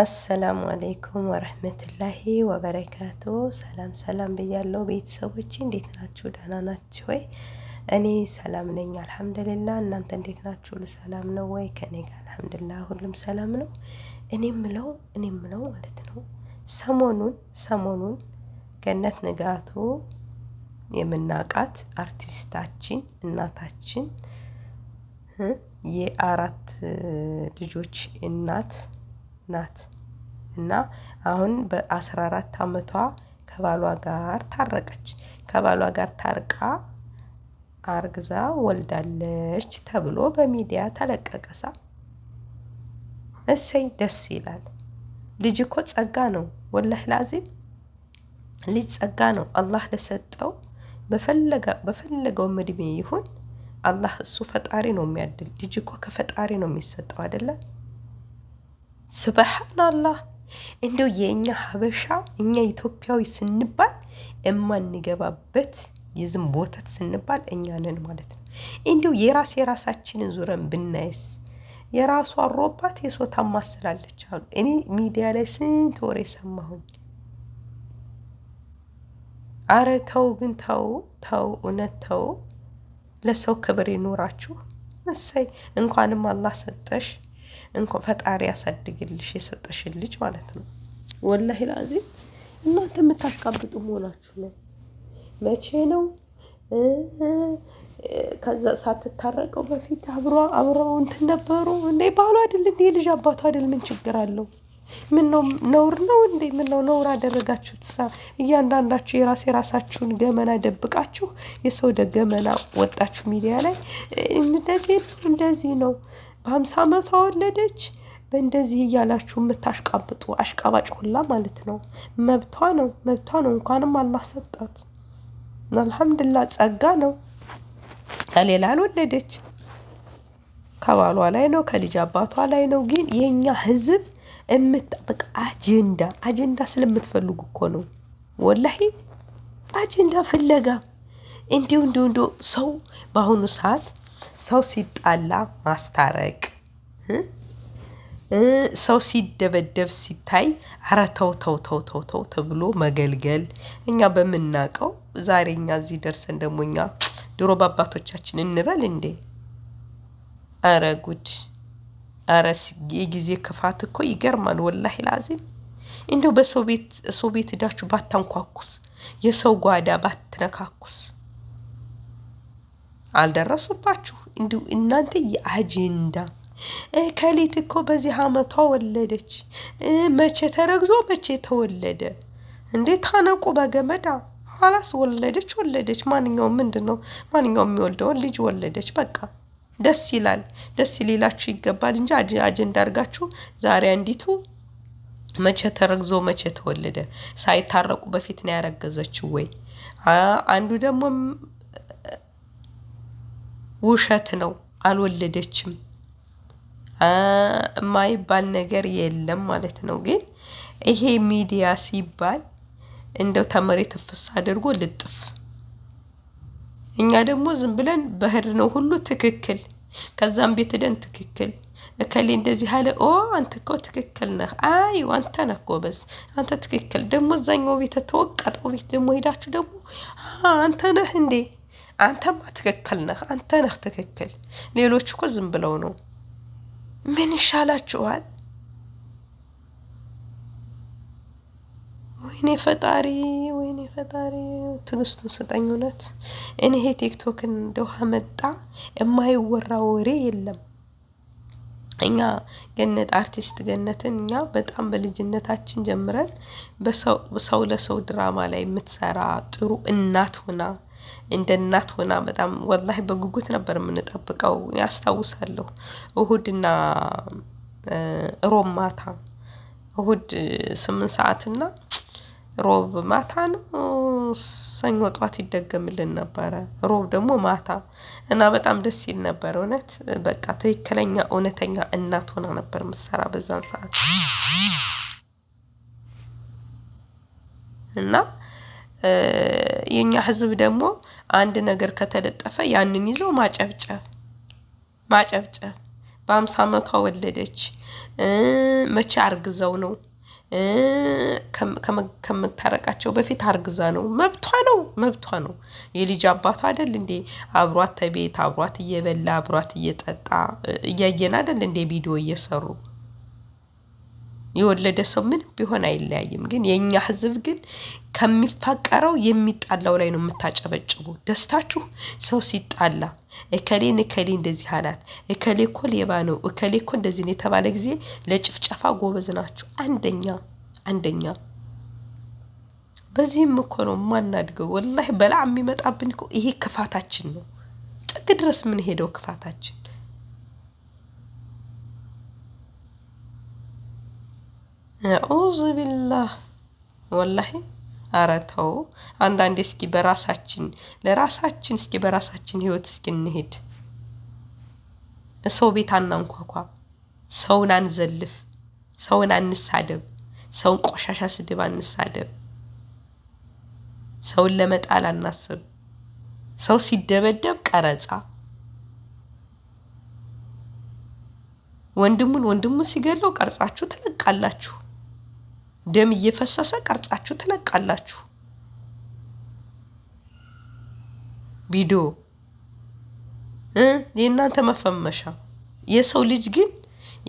አሰላሙ አሌይኩም ወረህመቱላሂ ወበረካቱ። ሰላም ሰላም ብያለው ቤተሰቦች፣ እንዴት ናችሁ? ደህና ናችሁ ወይ? እኔ ሰላም ነኝ አልሐምድልላ። እናንተ እንዴት ናችሁ? ሰላም ነው ወይ? ከኔ ጋር አልሐምድላ ሁሉም ሰላም ነው። እኔ ምለው እኔ ምለው ማለት ነው ሰሞኑን ሰሞኑን ገነት ንጋቱ የምናውቃት አርቲስታችን እናታችን የአራት ልጆች እናት ናት እና አሁን በአስራ አራት አመቷ ከባሏ ጋር ታረቀች ከባሏ ጋር ታርቃ አርግዛ ወልዳለች ተብሎ በሚዲያ ተለቀቀሳ። እሰይ ደስ ይላል። ልጅ እኮ ጸጋ ነው። ወላህ ላዚም ልጅ ጸጋ ነው። አላህ ለሰጠው በፈለገው እድሜ ይሁን አላህ እሱ ፈጣሪ ነው የሚያድል። ልጅ እኮ ከፈጣሪ ነው የሚሰጠው አይደለም። ስብሓናላህ እንደው የእኛ ሀበሻ እኛ ኢትዮጵያዊ ስንባል የማንገባበት የዝም ቦታት ስንባል እኛ ነን ማለት ነው። እንዲሁ የራስ የራሳችንን ዙረን ብናይስ የራሱ አሮባት የሰው ታማስላለች አሉ። እኔ ሚዲያ ላይ ስንት ወሬ ሰማሁኝ። አረ ተው ግን ተው ተው፣ እውነት ተው። ለሰው ክብር ይኖራችሁ። እሰይ እንኳንም አላህ ሰጠሽ። እንኳን ፈጣሪ ያሳድግልሽ የሰጠሽን ልጅ ማለት ነው። ወላሂ ላዚ እናንተ የምታሽቃብጡ መሆናችሁ ነው። መቼ ነው ከዛ ሳትታረቀው በፊት አብሮ አብረው እንትን ነበሩ እንዴ? ባሉ አይደል እንዴ? ልጅ አባቱ አይደል? ምን ችግር አለው? ምን ነው ነውር ነው እንዴ? ምን ነው ነውር አደረጋችሁ? ትሳ እያንዳንዳችሁ የራስ የራሳችሁን ገመና ደብቃችሁ የሰው ደገመና ወጣችሁ ሚዲያ ላይ እንደዚህ እንደዚህ ነው በሀምሳ ዓመቷ ወለደች። በእንደዚህ እያላችሁ የምታሽቃብጡ አሽቃባጭ ሁላ ማለት ነው። መብቷ ነው፣ መብቷ ነው። እንኳንም አላህ ሰጣት። አልሐምድላ ጸጋ ነው። ከሌላ አልወለደች። ከባሏ ላይ ነው፣ ከልጅ አባቷ ላይ ነው። ግን የእኛ ህዝብ የምጠብቅ አጀንዳ አጀንዳ ስለምትፈልጉ እኮ ነው። ወላሂ አጀንዳ ፍለጋ እንዲሁ እንዲሁ እንዲሁ ሰው በአሁኑ ሰዓት ሰው ሲጣላ ማስታረቅ፣ ሰው ሲደበደብ ሲታይ አረ ተው ተው ተው ተው ተው ተብሎ መገልገል። እኛ በምናውቀው ዛሬ እኛ እዚህ ደርሰን ደግሞ እኛ ድሮ በአባቶቻችን እንበል እንዴ? አረ ጉድ! አረ የጊዜ ክፋት እኮ ይገርማል። ወላሂ ላዚም እንደው በሰው ቤት ሰው ቤት ሄዳችሁ ባታንኳኩስ፣ የሰው ጓዳ ባትነካኩስ አልደረሱባችሁ? እንዲሁ እናንተ የአጀንዳ ከሊት እኮ በዚህ አመቷ ወለደች። መቼ ተረግዞ መቼ ተወለደ እንዴ? ታነቁ በገመዳ ኋላስ ወለደች ወለደች። ማንኛውም ምንድን ነው ማንኛውም የሚወልደውን ልጅ ወለደች። በቃ ደስ ይላል። ደስ ሊላችሁ ይገባል እንጂ አጀንዳ አድርጋችሁ ዛሬ አንዲቱ መቼ ተረግዞ መቼ ተወለደ። ሳይታረቁ በፊት ነው ያረገዘችው ወይ አንዱ ደግሞ ውሸት ነው አልወለደችም የማይባል ነገር የለም ማለት ነው። ግን ይሄ ሚዲያ ሲባል እንደው ተመሬት ፍስ አድርጎ ልጥፍ። እኛ ደግሞ ዝም ብለን በህር ነው ሁሉ ትክክል፣ ከዛም ቤት ደን ትክክል እከሌ እንደዚህ አለ። ኦ አንተ እኮ ትክክል ነህ። አይ አንተ ነህ ጎበዝ፣ አንተ ትክክል ደግሞ እዛኛው ቤት ተወቀጠው ቤት ደግሞ ሄዳችሁ ደግሞ አንተ ነህ እንዴ አንተማ ትክክል ነህ፣ አንተ ነህ ትክክል። ሌሎች እኮ ዝም ብለው ነው። ምን ይሻላችኋል? ወይኔ ፈጣሪ፣ ወይኔ ፈጣሪ ትዕግስቱን ስጠኝ። እውነት እኔ ይሄ ቲክቶክን መጣ የማይወራ ወሬ የለም። እኛ ገነት አርቲስት ገነትን እኛ በጣም በልጅነታችን ጀምረን በሰው ለሰው ድራማ ላይ የምትሰራ ጥሩ እናት ሆና እንደ እናት ሆና በጣም ወላሂ በጉጉት ነበር የምንጠብቀው። ያስታውሳለሁ እሁድና ሮብ ማታ እሁድ ስምንት ሰዓትና ሮብ ማታ ነው ሰኞ ጠዋት ይደገምልን ነበረ። ሮብ ደግሞ ማታ እና በጣም ደስ ይል ነበር። እውነት በቃ ትክክለኛ እውነተኛ እናት ሆና ነበር ምሰራ በዛን ሰዓት እና የእኛ ህዝብ ደግሞ አንድ ነገር ከተለጠፈ ያንን ይዞ ማጨብጨብ ማጨብጨብ። በአምሳ ዓመቷ ወለደች፣ መቼ አርግዘው ነው ከምታረቃቸው በፊት አርግዛ ነው። መብቷ ነው፣ መብቷ ነው። የልጅ አባቷ አደል እንዴ? አብሯት ተቤት አብሯት እየበላ አብሯት እየጠጣ እያየን አደል እንዴ ቪዲዮ እየሰሩ የወለደ ሰው ምን ቢሆን አይለያይም። ግን የእኛ ህዝብ ግን ከሚፋቀረው የሚጣላው ላይ ነው የምታጨበጭቡ። ደስታችሁ ሰው ሲጣላ እከሌን እከሌ እንደዚህ አላት፣ እከሌ እኮ ሌባ ነው፣ እከሌ እኮ እንደዚህ ነው የተባለ ጊዜ ለጭፍጨፋ ጎበዝ ናችሁ። አንደኛ አንደኛ በዚህም እኮ ነው የማናድገው። ወላሂ በላ የሚመጣብን እኮ ይሄ ክፋታችን ነው። ጥግ ድረስ ምን ሄደው ክፋታችን አዑዙ ቢላህ ወላሂ አረተው አንዳንዴ እስኪ በራሳችን ለራሳችን እስኪ በራሳችን ህይወት እስኪ እንሄድ። ሰው ቤት አናንኳኳ፣ ሰውን አንዘልፍ፣ ሰውን አንሳደብ፣ ሰውን ቆሻሻ ስድብ አንሳደብ፣ ሰውን ለመጣል አናስብ። ሰው ሲደበደብ ቀረጻ፣ ወንድሙን ወንድሙን ሲገለው ቀርጻችሁ ትለቃላችሁ። ደም እየፈሰሰ ቀርጻችሁ ትለቃላችሁ። ቪዲዮ የእናንተ መፈመሻ። የሰው ልጅ ግን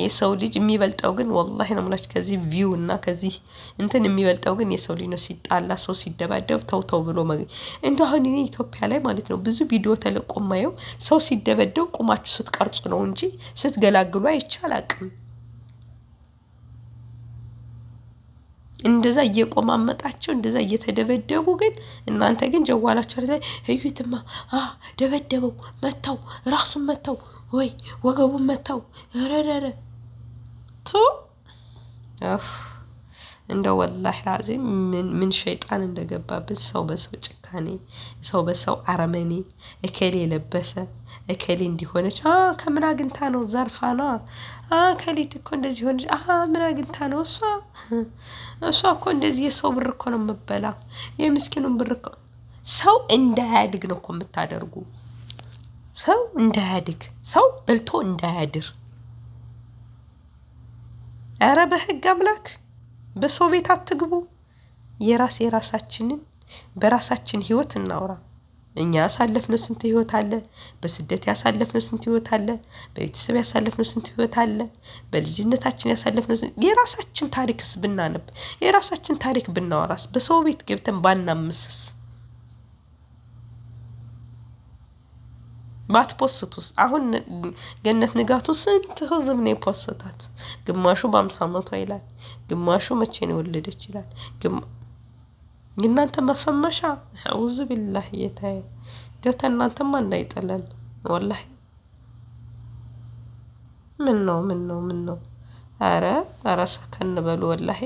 የሰው ልጅ የሚበልጠው ግን ወላሂ ነው የምላችሁ ከዚህ ቪው እና ከዚህ እንትን የሚበልጠው ግን የሰው ልጅ ነው። ሲጣላ ሰው ሲደባደብ ተው ተው ብሎ መግ እንደው አሁን እኔ ኢትዮጵያ ላይ ማለት ነው ብዙ ቪዲዮ ተለቆ ማየው ሰው ሲደበደብ ቁማችሁ ስትቀርጹ ነው እንጂ ስትገላግሉ አይቻል እንደዛ እየቆማመጣቸው እንደዛ እየተደበደቡ ግን እናንተ ግን ጀዋላቸው ላይ እዩትማ፣ ደበደበው፣ መታው፣ ራሱን መታው፣ ወይ ወገቡን መታው፣ ረረረ ቶ እንደ ወላሂ ላዚም ምን ሸይጣን እንደገባብን ሰው በሰው ጭካኔ፣ ሰው በሰው አረመኔ እከሌ የለበሰ እከሌ እንዲሆነች ከምን አግኝታ ነው? ዘርፋ ነዋ። እከሌት እኮ እንደዚህ ሆነች። ምን አግኝታ ነው? እሷ እሷ እኮ እንደዚህ የሰው ብር እኮ ነው የምበላ፣ የምስኪኑን ብር እኮ ሰው እንዳያድግ ነው እኮ የምታደርጉ። ሰው እንዳያድግ ሰው በልቶ እንዳያድር። ኧረ በህግ አምላክ በሰው ቤት አትግቡ። የራስ የራሳችንን በራሳችን ህይወት እናውራ። እኛ ያሳለፍነው ስንት ህይወት አለ። በስደት ያሳለፍነው ስንት ህይወት አለ። በቤተሰብ ያሳለፍነው ስንት ህይወት አለ። በልጅነታችን ያሳለፍነው የራሳችን ታሪክስ ብናነብ የራሳችን ታሪክ ብናወራስ በሰው ቤት ገብተን ባናምስስ ውስጥ አሁን ገነት ንጋቱ ስንት ህዝብ ነው የፖስታት? ግማሹ በአምሳ መቷ ይላል፣ ግማሹ መቼ ነው የወለደች ይላል። እናንተ መፈመሻ አውዝ ቢላህ ጌታዬ ገብታ እናንተማ እንዳይጠላል ወላሂ። ምን ነው ምን ነው ምን ነው? አረ አረ ሰከን በሉ ወላሂ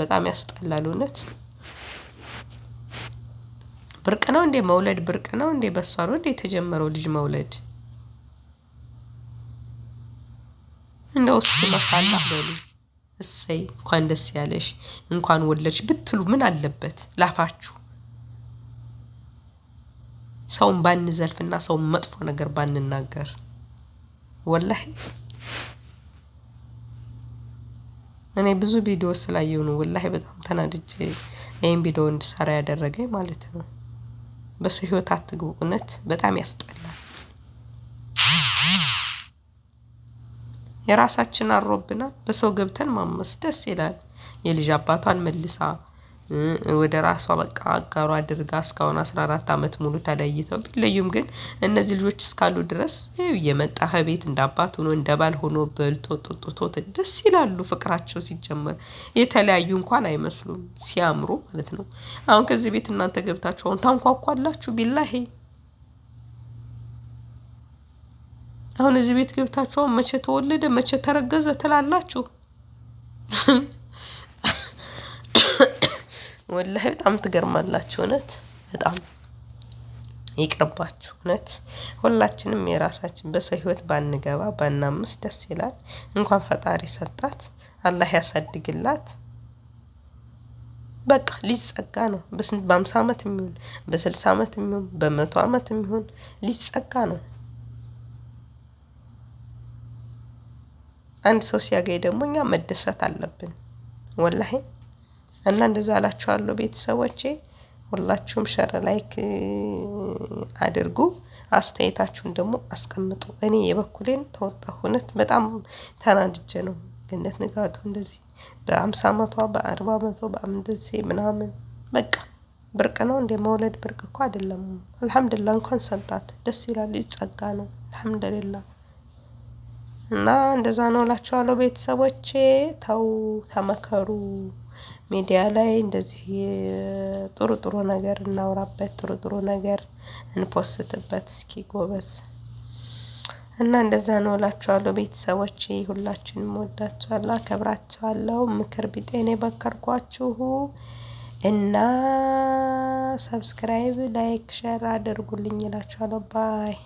በጣም ያስጠላል እውነት። ብርቅ ነው እንዴ መውለድ? ብርቅ ነው እንዴ? በሷ ነው እንዴ የተጀመረው ልጅ መውለድ? እንደው እስኪ መካላ በሉ እሰይ እንኳን ደስ ያለሽ እንኳን ወለድሽ ብትሉ ምን አለበት? ላፋችሁ ሰውን ባንዘልፍና ሰውን መጥፎ ነገር ባንናገር ወላሂ እኔ ብዙ ቪዲዮ ስላየው ነው ወላሂ በጣም ተናድጄ ይህን ቪዲዮ እንድሰራ ያደረገኝ ማለት ነው። በሰው ህይወት አትግቡ። እውነት በጣም ያስጠላል። የራሳችን አሮብና በሰው ገብተን ማመስ ደስ ይላል። የልጅ አባቷን መልሳ ወደ ራሷ በቃ አጋሯ አድርጋ እስካሁን አስራ አራት አመት ሙሉ ተለይተው ቢለዩም ግን እነዚህ ልጆች እስካሉ ድረስ የመጣ ከቤት እንደ አባት ሆኖ እንደ ባል ሆኖ በልቶ ጦጦቶ ደስ ይላሉ። ፍቅራቸው ሲጀመር የተለያዩ እንኳን አይመስሉም ሲያምሩ ማለት ነው። አሁን ከዚህ ቤት እናንተ ገብታችሁ አሁን ታንኳኳላችሁ ቢላሄ አሁን እዚህ ቤት ገብታችሁ መቼ ተወለደ መቼ ተረገዘ ትላላችሁ። ወላሂ በጣም ትገርማላችሁ። እውነት በጣም ይቅርባችሁ። እውነት ሁላችንም የራሳችን በሰው ህይወት ባንገባ ባናምስ ደስ ይላል። እንኳን ፈጣሪ ሰጣት፣ አላህ ያሳድግላት። በቃ ልጅ ነው። በስንት በአምሳ ዓመት የሚሆን በስልሳ ዓመት የሚሆን በመቶ ዓመት የሚሆን ልጅ ነው። አንድ ሰው ሲያገኝ ደግሞ እኛ መደሰት አለብን። ወላሂ እና እንደዛ እላችኋለሁ ቤተሰቦቼ። ሁላችሁም ሸር ላይክ አድርጉ፣ አስተያየታችሁን ደግሞ አስቀምጡ። እኔ የበኩሌን ተወጣሁ። እውነት በጣም ተናድጄ ነው ገነት ንጋቱ እንደዚህ በአምሳ መቷ በአርባ መቶ በአምንደሴ ምናምን በቃ ብርቅ ነው እንደ መውለድ ብርቅ እኮ አይደለም። አልሐምዱሊላህ እንኳን ሰንጣት ደስ ይላል። ይጸጋ ነው። አልሐምዱሊላህ እና እንደዛ ነው እላችኋለሁ ቤተሰቦቼ ተው ተመከሩ። ሚዲያ ላይ እንደዚህ ጥሩ ጥሩ ነገር እናውራበት፣ ጥሩ ጥሩ ነገር እንፖስትበት። እስኪ ጎበዝ እና እንደዛ ነው እላችኋለሁ ቤተሰቦቼ። ሁላችንም ወዳችኋለሁ፣ አከብራችኋለሁ። ምክር ቢጤ የመከርኳችሁ እና ሰብስክራይብ፣ ላይክ፣ ሸር አድርጉልኝ እላችኋለሁ ባይ